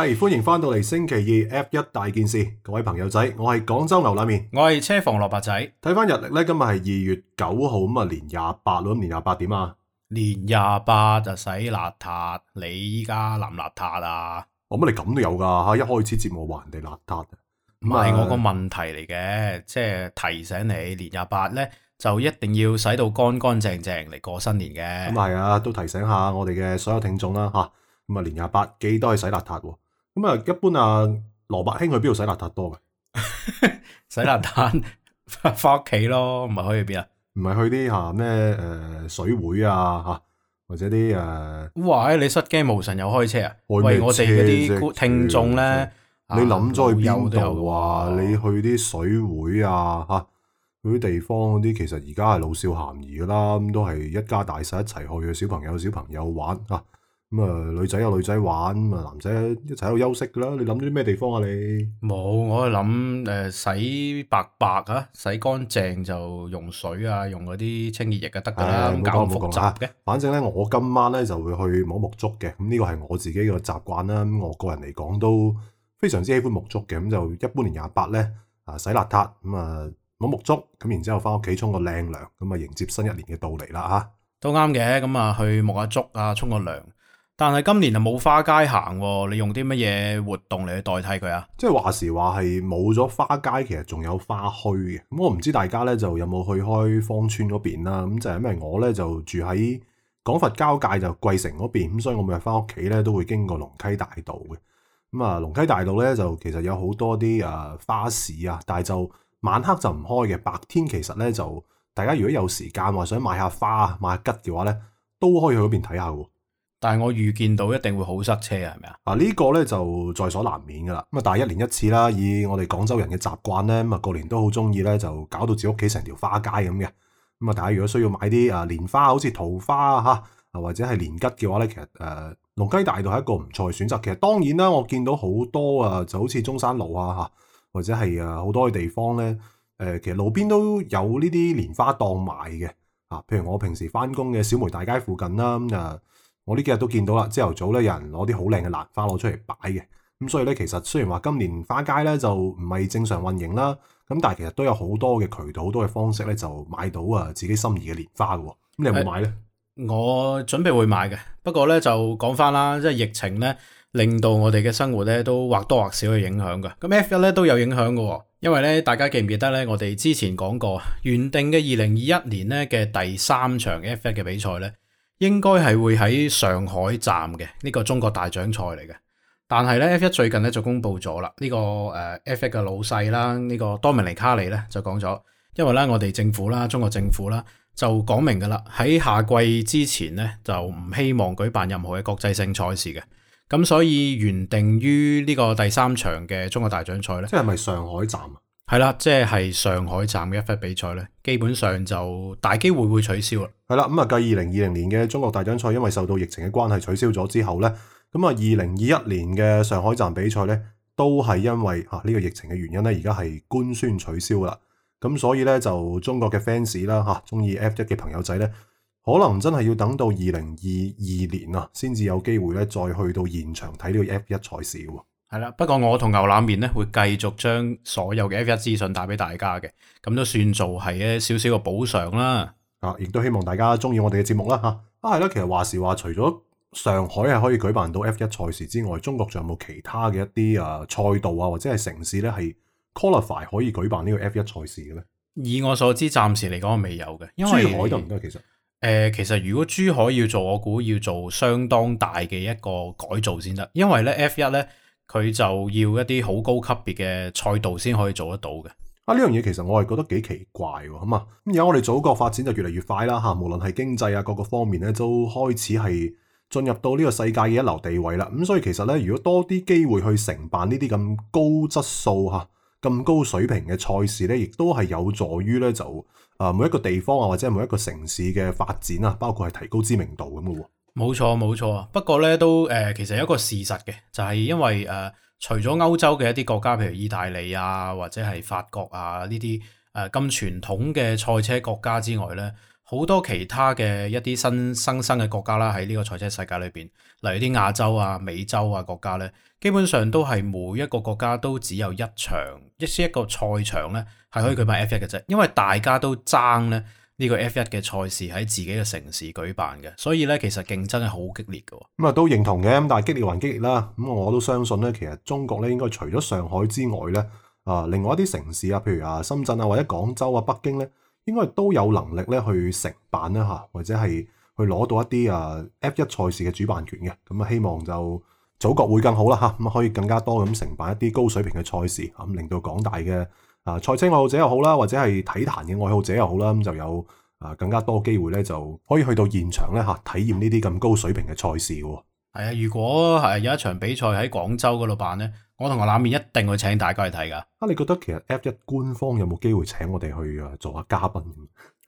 係歡迎翻到嚟星期二 F1 大件事，各位朋友仔，我係廣州牛拉麵，我係車房蘿卜仔。睇翻日曆咧，今日係二月九號咁啊，年廿八咯，年廿八點啊？年廿八就洗邋遢，你依家淋邋遢啊？乜你咁都有噶？吓，一開始節目還人哋邋遢？唔係我個問題嚟嘅，即係提醒你，年廿八咧就一定要洗到乾乾淨淨嚟過新年嘅。咁啊係啊，都提醒下我哋嘅所有聽眾啦吓，咁啊年廿八幾都係洗邋遢。咁啊，一般啊，羅伯兄去邊度洗邋遢多嘅？ 洗邋遢，翻屋企咯，唔係去邊啊？唔係去啲嚇咩誒水會啊嚇，或者啲誒、呃？哇！誒，你失驚無神又開車啊？喂，為我哋啲聽眾咧，你諗咗去邊度啊？你去啲水會啊嚇，嗰、啊、啲、啊、地方啲，其實而家係老少咸宜噶啦，咁都係一家大細一齊去，嘅小朋友、小朋友，小朋友玩嚇。啊女仔有女仔玩，男仔一齊喺度休息噶啦。你諗啲咩地方啊？你冇，我諗、呃、洗白白啊，洗乾淨就用水啊，用嗰啲清潔液就得噶啦，搞咁複雜嘅、啊、反正呢，我今晚呢就會去摸沐足嘅。呢、嗯、個係我自己嘅習慣啦。我個人嚟講都非常之喜歡沐足嘅。咁、嗯、就一般年廿八呢，啊，洗邋遢、嗯啊，摸啊沐足，咁然後返屋企沖個靚涼，咁啊迎接新一年嘅到嚟啦。都啱嘅，咁啊去摸下足啊，沖、嗯啊啊啊、個涼。但係今年就冇花街行，你用啲乜嘢活動嚟代替佢啊？即係話時話係冇咗花街，其實仲有花墟嘅。咁、嗯、我唔知大家咧就有冇去開芳村嗰邊啦。咁、嗯、就係因為我咧就住喺廣佛交界就桂城嗰邊，咁所以我每日翻屋企咧都會經過龍溪大道嘅。咁啊龍溪大道咧就其實有好多啲誒、啊、花市啊，但係就晚黑就唔開嘅。白天其實咧就大家如果有時間話想買下花、買下桔嘅話咧，都可以去嗰邊睇下嘅。但係我預見到一定會好塞車啊，係咪啊？嗱，呢個咧就在所難免噶啦。咁啊，但係一年一次啦，以我哋廣州人嘅習慣咧，咁啊，過年都好中意咧，就搞到自己屋企成條花街咁嘅。咁啊，大家如果需要買啲啊蓮花，好似桃花啊吓、啊，或者係年桔嘅話咧，其實誒，龍、啊、溪大道係一個唔錯嘅選擇。其實當然啦，我見到好多啊，就好似中山路啊吓、啊，或者係誒好多嘅地方咧，誒、啊，其實路邊都有呢啲蓮花檔賣嘅啊。譬如我平時翻工嘅小梅大街附近啦，咁啊。我呢幾日都見到啦，朝頭早咧有人攞啲好靚嘅蘭花攞出嚟擺嘅，咁所以咧其實雖然話今年花街咧就唔係正常運營啦，咁但係其實都有好多嘅渠道、好多嘅方式咧就買到啊自己心儀嘅蓮花嘅，咁你有冇買咧？我準備會買嘅，不過咧就講翻啦，即係疫情咧令到我哋嘅生活咧都或多或少嘅影響㗎。咁 F1 咧都有影響嘅，因為咧大家記唔記得咧我哋之前講過原定嘅二零二一年咧嘅第三場 F1 嘅比賽咧。應該係會喺上海站嘅呢個中國大獎賽嚟嘅但係咧 F 一最近咧就公布咗啦，呢個誒 F 一嘅老細啦，呢個多明尼卡利咧就講咗，因為咧我哋政府啦，中國政府啦就講明噶啦，喺夏季之前咧就唔希望舉辦任何嘅國際性賽事嘅，咁所以原定於呢個第三場嘅中國大獎賽咧，即係咪上海站啊？係啦，即係上海站嘅一發比賽呢，基本上就大機會會取消啦。係啦，咁啊，繼二零二零年嘅中國大獎賽因為受到疫情嘅關係取消咗之後呢，咁啊，二零二一年嘅上海站比賽呢，都係因為呢個疫情嘅原因呢，而家係官宣取消啦。咁所以呢，就中國嘅 fans 啦，吓中意 F 一嘅朋友仔呢，可能真係要等到二零二二年啊，先至有機會呢，再去到現場睇呢個 F 一賽事喎。係啦，不過我同牛腩麵咧會繼續將所有嘅 F 一資訊帶俾大家嘅，咁都算做係一少少嘅補償啦。啊，亦都希望大家中意我哋嘅節目啦吓。啊，係啦，其實話時話，除咗上海係可以舉辦到 F 一賽事之外，中國仲有冇其他嘅一啲啊賽道啊或者係城市咧係 qualify 可以舉辦個 F1 賽的呢個 F 一賽事嘅咧？以我所知，暫時嚟講未有嘅。因為珠海都唔得，其實誒、呃，其實如果珠海要做，我估要做相當大嘅一個改造先得，因為咧 F 一咧。佢就要一啲好高級別嘅賽道先可以做得到嘅。啊，呢樣嘢其實我係覺得幾奇怪喎，咁、嗯、啊。咁而家我哋祖國發展就越嚟越快啦，嚇、啊，無論係經濟啊，各個方面咧都開始係進入到呢個世界嘅一流地位啦。咁、嗯、所以其實咧，如果多啲機會去承辦呢啲咁高質素嚇、咁、啊、高水平嘅賽事咧，亦都係有助於咧就啊每一個地方啊或者每一個城市嘅發展啊，包括係提高知名度咁嘅喎。冇錯冇錯啊，不過咧都誒、呃，其實一個事實嘅就係、是、因為誒、呃，除咗歐洲嘅一啲國家，譬如意大利啊或者係法國啊呢啲誒咁傳統嘅賽車國家之外咧，好多其他嘅一啲新新生嘅國家啦，喺呢個賽車世界裏邊，例如啲亞洲啊、美洲啊國家咧，基本上都係每一個國家都只有一場一些一個賽場咧係可以舉辦 F1 嘅啫，因為大家都爭咧。呢、這個 F 一嘅賽事喺自己嘅城市舉辦嘅，所以呢，其實競爭係好激烈嘅。咁啊都認同嘅，咁但係激烈還激烈啦。咁我都相信呢，其實中國呢應該除咗上海之外呢，啊另外一啲城市啊，譬如啊深圳啊或者廣州啊、北京呢，應該都有能力呢去承辦啦嚇，或者係去攞到一啲啊 F 一賽事嘅主辦權嘅。咁啊希望就祖國會更好啦嚇，咁可以更加多咁承辦一啲高水平嘅賽事，咁令到廣大嘅。啊！賽車愛好者又好啦，或者係體壇嘅愛好者又好啦，咁就有啊更加多機會咧，就可以去到現場咧吓，啊、體驗呢啲咁高水平嘅賽事，啊。係啊，如果係有一場比賽喺廣州嗰度辦咧，我同阿冷面一定會請大家去睇噶。啊，你覺得其實 F 一官方有冇機會請我哋去啊做下嘉賓？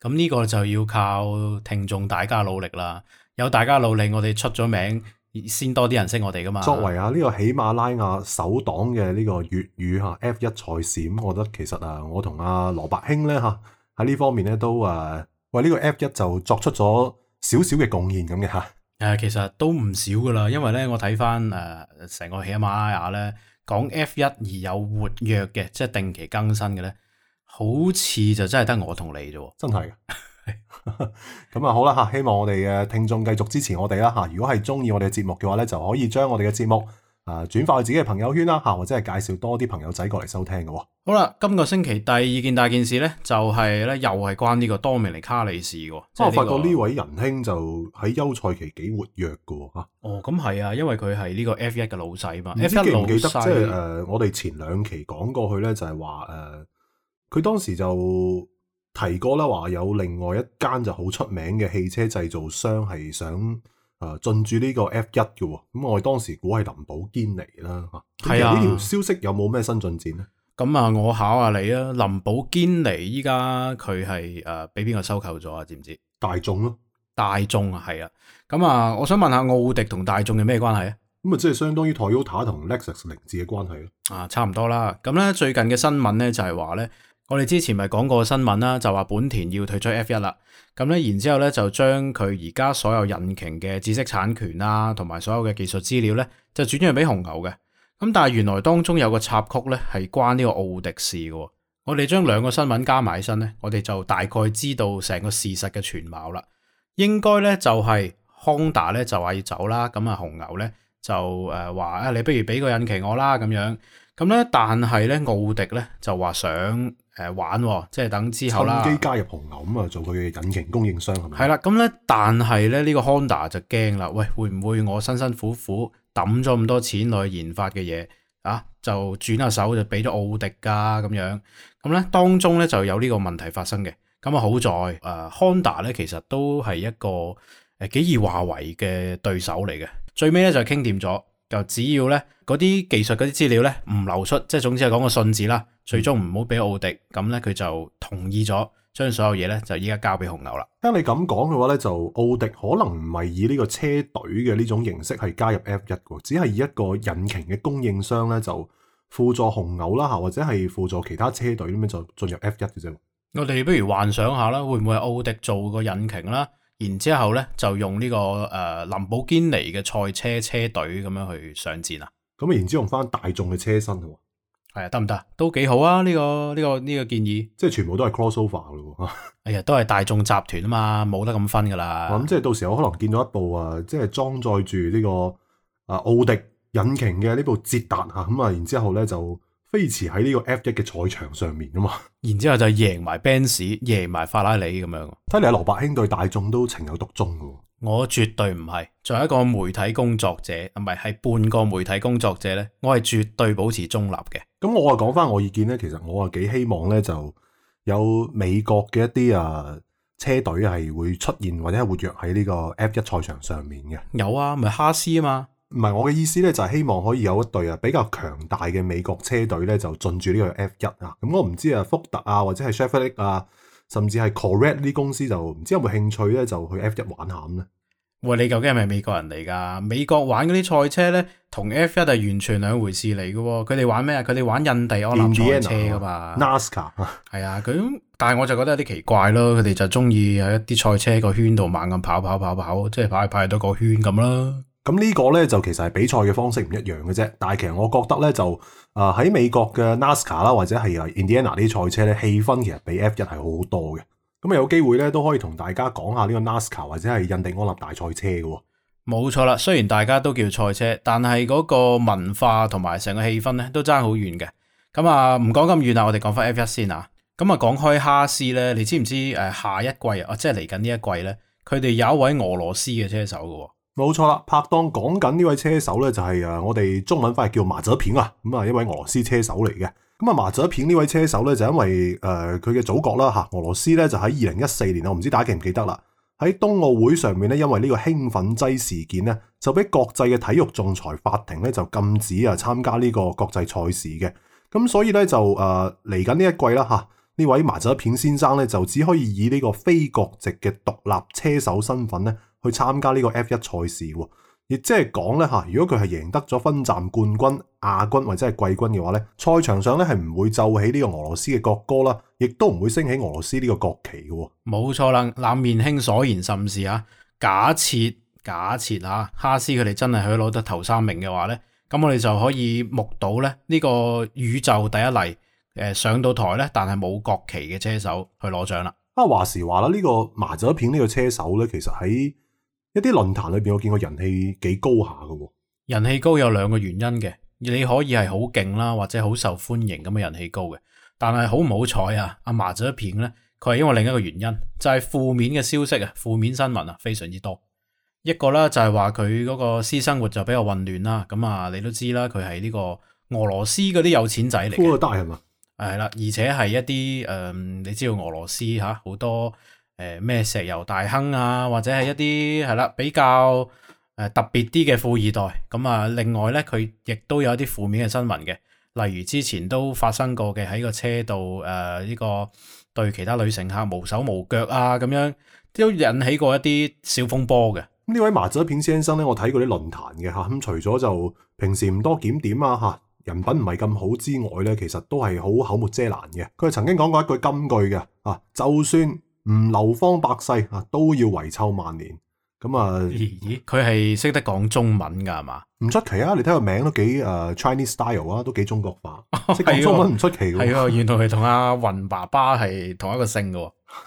咁呢個就要靠聽眾大家努力啦，有大家努力，我哋出咗名。先多啲人識我哋噶嘛？作為啊呢個喜馬拉雅首檔嘅呢個粵語吓 F 一賽事，我覺得其實啊，我同阿羅伯興咧吓喺呢方面咧都啊為呢個 F 一就作出咗少少嘅貢獻咁嘅吓。誒，其實都唔少噶啦，因為咧我睇翻誒成個喜馬拉雅咧講 F 一而有活躍嘅，即係定期更新嘅咧，好似就真係得我同你啫喎，真係噶。咁啊，好啦吓，希望我哋嘅聽眾繼續支持我哋啦吓。如果係中意我哋嘅節目嘅話咧，就可以將我哋嘅節目啊轉發去自己嘅朋友圈啦吓，或者係介紹多啲朋友仔過嚟收聽嘅。好啦，今個星期第二件大件事咧，就係、是、咧又係關呢個多米尼卡利事嘅。即、就、係、是這個啊、我發覺呢位仁兄就喺休賽期幾活躍㗎吓。哦，咁係啊，因為佢係呢個 F 一嘅老細嘛。唔知記唔記得即係誒，就是、我哋前兩期講過去咧，就係話誒，佢當時就。提過啦，話有另外一間就好出名嘅汽車製造商係想誒進駐呢個 F1 嘅，咁我哋當時估係林寶堅尼啦。吓，係啊，呢條消息有冇咩新進展咧？咁啊，我考下你啊。林寶堅尼依家，佢係誒俾邊個收購咗啊？知唔知？大眾咯，大眾係啊。咁啊，我想問下奧迪同大眾有咩關係啊？咁啊，即係相當於 Toyota 同 Lexus 凌志嘅關係啊，差唔多啦。咁咧，最近嘅新聞咧就係話咧。我哋之前咪講過新聞啦，就話本田要退出 F1 啦，咁咧然之後咧就將佢而家所有引擎嘅知識產權啦，同埋所有嘅技術資料咧，就轉讓俾紅牛嘅。咁但係原來當中有個插曲咧，係關呢個奧迪事嘅。我哋將兩個新聞加埋身咧，我哋就大概知道成個事實嘅全貌啦。應該咧就係康達咧就話要走啦，咁啊紅牛咧就誒話啊，你不如俾個引擎我啦咁樣。咁咧但係咧奧迪咧就話想。誒，玩即係等之後啦，趁機加入紅牛咁啊，做佢嘅引擎供應商係咪？係啦，咁咧，但係咧呢、呢個 Honda 就驚啦，喂，會唔會我辛辛苦苦抌咗咁多錢落去研發嘅嘢啊，就轉下手就俾咗奧迪噶、啊、咁樣？咁咧當中咧就有呢個問題發生嘅。咁啊好在誒，Honda 咧其實都係一個誒幾易華為嘅對手嚟嘅。最尾咧就傾掂咗。就只要呢嗰啲技術、嗰啲資料呢唔流出，即係總之係講個信字啦。最終唔好俾奧迪咁呢，佢就同意咗將所有嘢呢就依家交俾紅牛啦。聽你咁講嘅話呢，就奧迪可能唔係以呢個車隊嘅呢種形式係加入 F 一嘅，只係以一個引擎嘅供應商呢就輔助紅牛啦，或者係輔助其他車隊咁樣就進入 F 一嘅啫。我哋不如幻想下啦，會唔會奧迪做個引擎啦？然之後咧，就用呢個誒林寶堅尼嘅賽車車隊咁樣去上戰啊！咁啊，然之後用翻大眾嘅車身嘅係啊，得唔得？都幾好啊！呢個呢個呢個建議，即係全部都係 crossover 喎。哎呀，都係大眾集團啊嘛，冇得咁分噶啦。咁、嗯、即係到時候可能見到一部啊，即係裝載住呢個啊奧迪引擎嘅呢部捷達啊，咁啊，然之後咧就。飛馳喺呢個 F 一嘅賽場上面啊嘛，然之後就贏埋 Benz，贏埋法拉利咁樣。睇嚟羅伯兄對大眾都情有獨鍾噶。我絕對唔係，作為一個媒體工作者，唔係係半個媒體工作者呢，我係絕對保持中立嘅。咁我啊講翻我意見呢，其實我啊幾希望呢就有美國嘅一啲啊車隊係會出現或者係活躍喺呢個 F 一賽場上面嘅。有啊，咪哈斯啊嘛。唔係我嘅意思咧，就係希望可以有一隊啊比較強大嘅美國車隊咧，就進住呢個 F 一啊！咁、嗯、我唔知啊，福特啊，或者係 Chevrolet 啊，甚至係 Corvette 呢啲公司就，就唔知有冇興趣咧，就去 F 一玩下咁咧。喂，你究竟係咪美國人嚟㗎？美國玩嗰啲賽車咧，同 F 一係完全兩回事嚟嘅、喔。佢哋玩咩啊？佢哋玩印第安納賽車㗎嘛？NASCAR 係 啊，咁但係我就覺得有啲奇怪咯。佢哋就中意喺一啲賽車個圈度猛咁跑跑跑跑，即係跑嚟跑去多個圈咁啦。咁呢個咧就其實係比賽嘅方式唔一樣嘅啫，但係其實我覺得咧就啊喺、呃、美國嘅 NASCAR 啦，或者係啊 Indiana 啲賽車咧，氣氛其實比 F 一係好好多嘅。咁啊有機會咧都可以同大家講下呢個 NASCAR 或者係印第安納大賽車嘅、哦。冇錯啦，雖然大家都叫賽車，但係嗰個文化同埋成個氣氛咧都爭好遠嘅。咁啊唔講咁遠啦，我哋講翻 F 一先啊。咁啊講開哈斯咧，你知唔知誒下一季啊即係嚟緊呢一季咧，佢哋有一位俄羅斯嘅車手嘅、哦。冇錯啦，拍檔講緊呢位車手呢，就係誒，我哋中文翻叫麻澤片啊，咁啊一位俄羅斯車手嚟嘅。咁啊，麻澤片呢位車手呢，就因為誒佢嘅祖國啦吓，俄羅斯呢，就喺二零一四年我唔知大家記唔記得啦，喺冬奧會上面呢，因為呢個興奮劑事件呢，就俾國際嘅體育仲裁法庭呢，就禁止啊參加呢個國際賽事嘅。咁所以呢，就誒嚟緊呢一季啦吓，呢位麻澤片先生呢，就只可以以呢個非國籍嘅獨立車手身份呢，去參加呢個 F1 賽事，亦即係講咧吓，如果佢係贏得咗分站冠軍、亞軍或者係季軍嘅話咧，賽場上咧係唔會奏起呢個俄羅斯嘅國歌啦，亦都唔會升起俄羅斯呢個國旗嘅。冇錯啦，林面兄所言甚是啊！假設假設啊，哈斯佢哋真係可以攞得頭三名嘅話咧，咁我哋就可以目睹咧呢個宇宙第一例誒上到台咧，但係冇國旗嘅車手去攞獎啦。啊話時話啦，呢、呢個麻咗片呢個車手咧，其實喺一啲論壇裏邊，我見過人氣幾高下喎、哦。人氣高有兩個原因嘅，你可以係好勁啦，或者好受歡迎咁嘅人氣高嘅。但係好唔好彩啊？阿麻咗片咧，佢係因為另一個原因，就係、是、負面嘅消息啊，負面新聞啊，非常之多。一個咧就係話佢嗰個私生活就比較混亂啦。咁啊，你都知啦，佢係呢個俄羅斯嗰啲有錢仔嚟嘅。富二代係嘛？係啦，而且係一啲誒、嗯，你知道俄羅斯吓好多。誒，咩石油大亨啊，或者係一啲係啦，比較誒特別啲嘅富二代咁啊。另外咧，佢亦都有一啲負面嘅新聞嘅，例如之前都發生過嘅喺個車度誒呢個對其他女乘客無手無腳啊，咁樣都引起過一啲小風波嘅。咁呢位麻雀片先生咧，我睇過啲論壇嘅吓，除咗就平時唔多檢點啊吓、啊，人品唔係咁好之外咧，其實都係好口沒遮攔嘅。佢係曾經講過一句金句嘅啊，就算。唔流芳百世啊，都要遺臭萬年咁啊！咦咦，佢係識得講中文噶係嘛？唔出奇啊！你睇個名都幾誒、uh, Chinese style 啊，都幾中國化，識 講中文唔出奇。係、哦、啊，啊，原來係同阿云爸爸係同一個姓噶。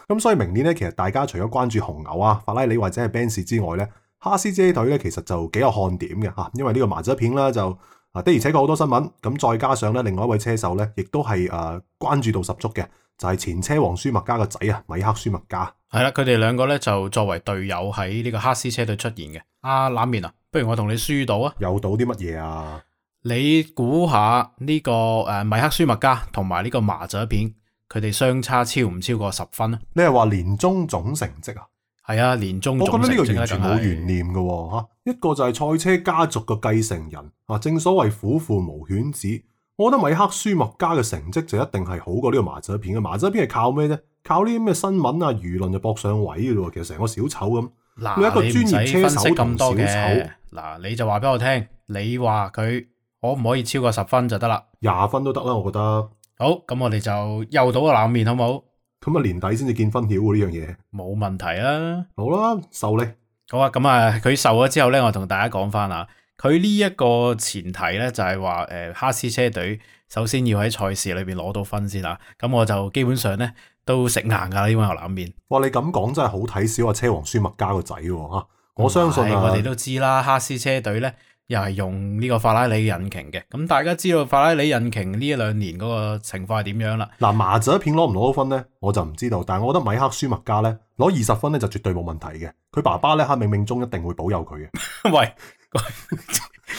咁 所以明年咧，其實大家除咗關注紅牛啊、法拉利或者係 Benz 之外咧，哈斯車隊咧，其實就幾有看點嘅吓、啊，因為呢個麻雀片啦，就啊的而且確好多新聞，咁再加上咧，另外一位車手咧，亦都係誒、啊、關注度十足嘅。就係、是、前車王舒麥加個仔啊，米克舒麥加係啦，佢哋兩個咧就作為隊友喺呢個哈斯車隊出現嘅。啊，冷面啊，不如我同你輸到啊？有賭啲乜嘢啊？你估下呢、這個誒、啊、米克舒麥加同埋呢個麻雀片，佢哋相差超唔超過十分啊？你係話年終總成績啊？係啊，年終總成績我覺得呢個完全冇懸念嘅吓，一個就係賽車家族嘅繼承人啊，正所謂虎父無犬子。我覺得米克舒墨加嘅成績就一定係好過呢個麻雀片嘅。麻雀片係靠咩啫？靠呢啲咩新聞啊、輿論就搏上位嘅咯。其實成個小丑咁。嗱，你專業車手咁多嘅小丑。嗱，你就話俾我聽，你話佢可唔可以超過十分就得啦？廿分都得啦，我覺得。好，咁我哋就又賭個冷面好冇？咁啊，年底先至見分曉呢樣嘢。冇問題啊。好啦，瘦咧。好啊，咁啊，佢瘦咗之後咧，我同大家講翻啊。佢呢一個前提呢，就係話，誒，哈斯車隊首先要喺賽事裏邊攞到分先啦，咁我就基本上呢都食硬噶呢碗牛腩麵。哇，你咁講真係好睇小啊，車王舒麥加個仔吓，我相信、啊。我哋都知啦，哈斯車隊呢又係用呢個法拉利引擎嘅，咁大家知道法拉利引擎呢一兩年嗰個情況係點樣啦？嗱、啊，麻雀片攞唔攞到分呢，我就唔知道，但係我覺得米克舒麥加呢，攞二十分呢就絕對冇問題嘅，佢爸爸呢，喺冥冥中一定會保佑佢嘅。 喂！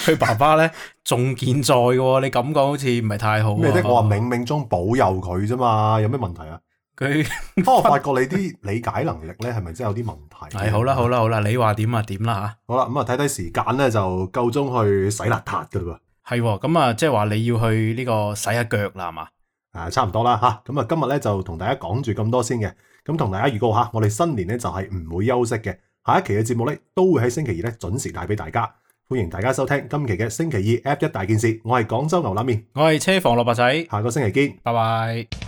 佢 爸爸咧仲健在嘅喎，你咁講好似唔係太好。咩啫，啊？我話冥冥中保佑佢啫嘛，有咩問題啊？佢，我發覺你啲理解能力咧，係咪真係有啲問題？係好啦，好啦，好啦，你話點啊？點啦吓？好啦，咁啊睇睇時間咧，就夠鐘去洗邋遢噶啦噃。係咁啊，即係話你要去呢個洗下腳啦，係嘛？啊，差唔多啦吓。咁啊，今日咧就同大家講住咁多先嘅。咁同大家預告吓，我哋新年咧就係唔會休息嘅。下一期嘅節目咧都會喺星期二咧準時帶俾大家。歡迎大家收聽今期嘅星期二 F1 大件事，我係廣州牛腩麵，我係車房蘿蔔仔，下個星期見，拜拜。